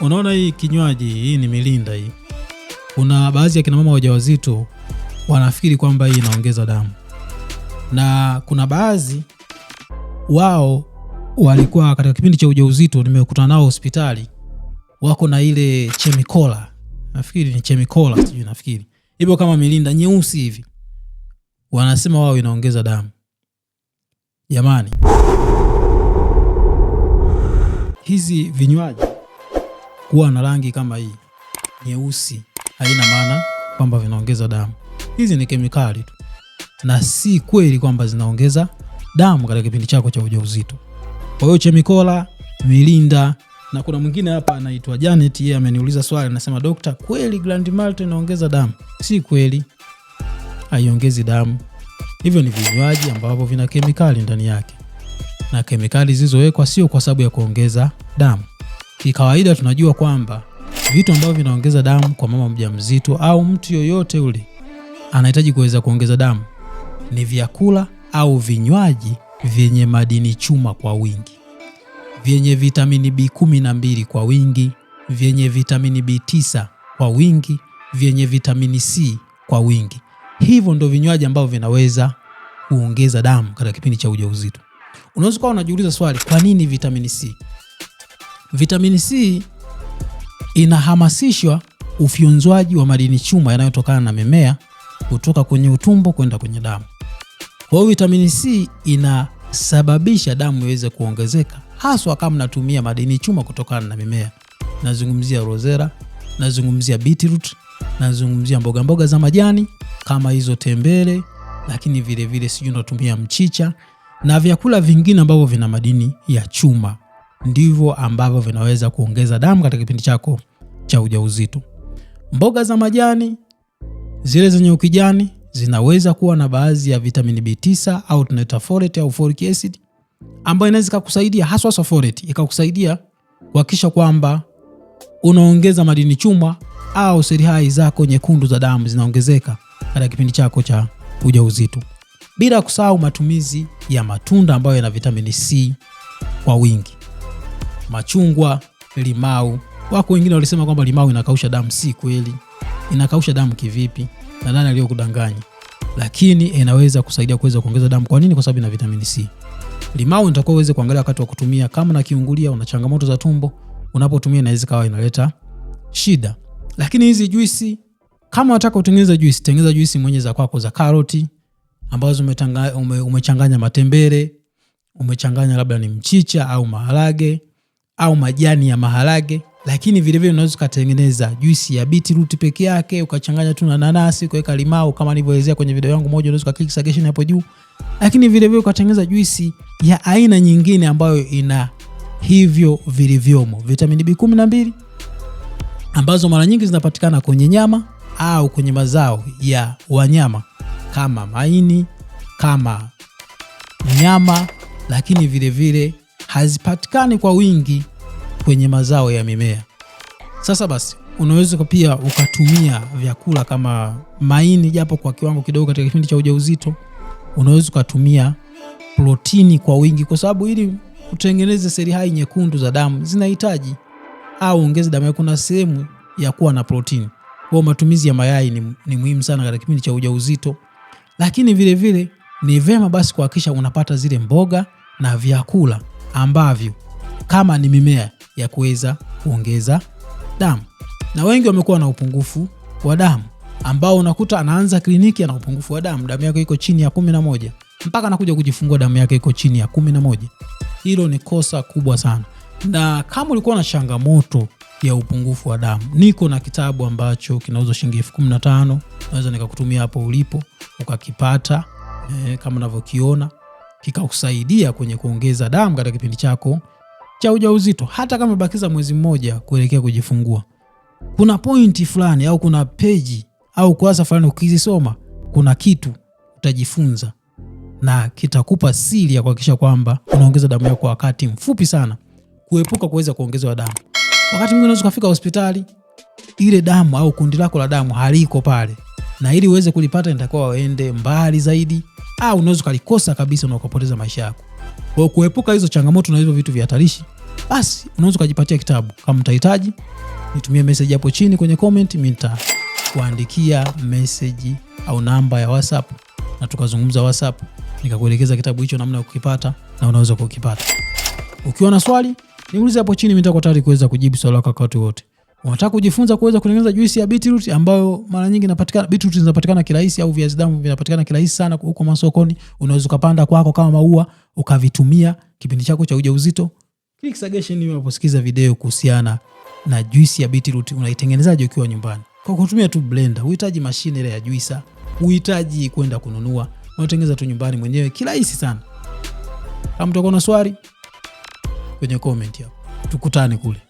Unaona hii kinywaji hii ni milinda hii. Kuna baadhi ya kina mama wajawazito wanafikiri kwamba hii inaongeza damu, na kuna baadhi wao walikuwa katika kipindi cha ujauzito, nimekutana nao hospitali, wako na ile chemikola, nafikiri ni chemikola, sijui nafikiri hivyo, kama milinda nyeusi hivi, wanasema wao inaongeza damu. Jamani, hizi vinywaji kuwa na rangi kama hii nyeusi haina maana kwamba vinaongeza damu. Hizi ni kemikali tu, na si kweli kwamba zinaongeza damu katika kipindi chako cha ujauzito. Kwa hiyo chemikola, milinda na kuna mwingine hapa anaitwa Janet, yeye ameniuliza swali, anasema dokta, kweli Grand Malt inaongeza damu? Si kweli, haiongezi damu. Hivyo ni vinywaji ambavyo vina kemikali ndani yake, na kemikali zilizowekwa sio kwa sababu ya kuongeza damu. Kikawaida tunajua kwamba vitu ambavyo vinaongeza damu kwa mama mjamzito au mtu yoyote ule anahitaji kuweza kuongeza damu ni vyakula au vinywaji vyenye madini chuma kwa wingi, vyenye vitamini B12 kwa wingi, vyenye vitamini B9 kwa wingi, vyenye vitamini C kwa wingi. Hivyo ndio vinywaji ambavyo vinaweza kuongeza damu katika kipindi cha ujauzito. Unaweza kuwa unajiuliza swali, kwa nini vitamini C? Vitamini C inahamasishwa ufyonzwaji wa madini chuma yanayotokana na mimea kutoka kwenye utumbo kwenda kwenye damu. Kwa hiyo vitamini C inasababisha damu iweze kuongezeka, haswa kama natumia madini chuma kutokana na mimea. Nazungumzia rosera, nazungumzia beetroot, nazungumzia mboga mboga za majani kama hizo tembele, lakini vilevile sijui natumia mchicha na vyakula vingine ambavyo vina madini ya chuma ndivyo ambavyo vinaweza kuongeza damu katika kipindi chako cha ujauzito. Mboga za majani zile zenye ukijani zinaweza kuwa na baadhi ya vitamini B9 au tunaita folate au folic acid ambayo inaweza kukusaidia haswa hasa folate ikakusaidia kuhakikisha kwamba unaongeza madini chuma au seli hai zako nyekundu za damu zinaongezeka katika kipindi chako cha ujauzito, bila kusahau matumizi ya matunda ambayo yana vitamini C kwa wingi machungwa, limau. Wako wengine walisema kwamba limau inakausha damu. Si kweli. Inakausha damu kivipi? Na nani aliyokudanganya? Lakini inaweza kusaidia kuweza kuongeza damu. Kwa nini? Kwa sababu ina vitamini C. Limau nitakuwa uweze kuangalia wakati wa kutumia, kama na kiungulia, una changamoto za tumbo, unapotumia inaweza kawa inaleta shida. Lakini hizi juisi, kama unataka kutengeneza juisi, tengeneza juisi mwenye za kwako za karoti ambazo ume, umechanganya matembele, umechanganya labda ni mchicha au maharage au majani ya maharage, lakini vilevile unaweza ukatengeneza juisi ya beetroot peke yake ukachanganya tu na nanasi, ukaweka limau kama nilivyoelezea kwenye video yangu moja, unaweza ukaklik suggestion hapo juu, lakini vilevile ukatengeneza juisi ya aina nyingine ambayo ina hivyo vilivyomo vitamini B12 ambazo mara nyingi zinapatikana kwenye nyama au kwenye mazao ya wanyama kama maini, kama nyama, lakini vilevile hazipatikani kwa wingi kwenye mazao ya mimea. Sasa basi unaweza pia ukatumia vyakula kama maini japo kwa kiwango kidogo katika kipindi cha ujauzito. Unaweza ukatumia protini kwa wingi, kwa sababu ili utengeneze seli hai nyekundu za damu zinahitaji au ongeze damu kuna sehemu ya kuwa na protini. Kwa matumizi ya mayai ni, ni muhimu sana katika kipindi cha ujauzito, lakini vilevile ni vema basi kuhakikisha unapata zile mboga na vyakula ambavyo kama ni mimea ya kuweza kuongeza damu, na wengi wamekuwa na upungufu wa damu ambao unakuta anaanza kliniki ana upungufu wa damu, damu yake iko chini ya kumi na moja mpaka anakuja kujifungua damu yake iko chini ya kumi na moja. Hilo ni kosa kubwa sana, na kama ulikuwa na changamoto ya upungufu wa damu, niko na kitabu ambacho kinauzwa shilingi elfu kumi na tano. Naweza nikakutumia hapo ulipo ukakipata, eh, kama unavyokiona kikakusaidia kwenye kuongeza damu katika kipindi chako cha ujauzito, hata kama bakiza mwezi mmoja kuelekea kujifungua. Kuna pointi fulani au kuna peji au kurasa fulani, ukizisoma kuna kitu utajifunza na kitakupa siri ya kuhakikisha kwamba unaongeza damu yako kwa wakati mfupi sana, kuepuka kuweza kuongezewa damu. Wakati mwingine unaweza kufika hospitali, ile damu au kundi lako la damu haliko pale na ili uweze kulipata nitakuwa waende mbali zaidi, au unaweza ukalikosa kabisa na ukapoteza maisha yako. Kwa kuepuka hizo changamoto na hizo vitu vya hatarishi, basi unaweza ukajipatia kitabu. Kama utahitaji, nitumie message hapo chini kwenye comment, mimi nitakuandikia message au namba ya WhatsApp na tukazungumza WhatsApp, nikakuelekeza kitabu hicho namna ya kukipata na unaweza kukipata. Ukiwa na swali niulize hapo chini, mimi nitakuwa tayari kuweza kujibu swali lako wakati wote. Unataka kujifunza kuweza kutengeneza juisi ya beetroot ambayo mara nyingi inapatikana beetroot zinapatikana kirahisi au viazi damu vinapatikana kirahisi sana huko masokoni. Unaweza ukapanda kwako kama maua ukavitumia kipindi chako cha ujauzito. Click suggestion hiyo unaposikiza video kuhusiana na juisi ya beetroot unaitengenezaje ukiwa nyumbani. Kwa kutumia tu blender, uhitaji mashine ile ya juisa, uhitaji kwenda kununua. Unatengeneza tu nyumbani mwenyewe kirahisi sana. Kama mtakuwa na swali kwenye comment hapo. Tukutane kule.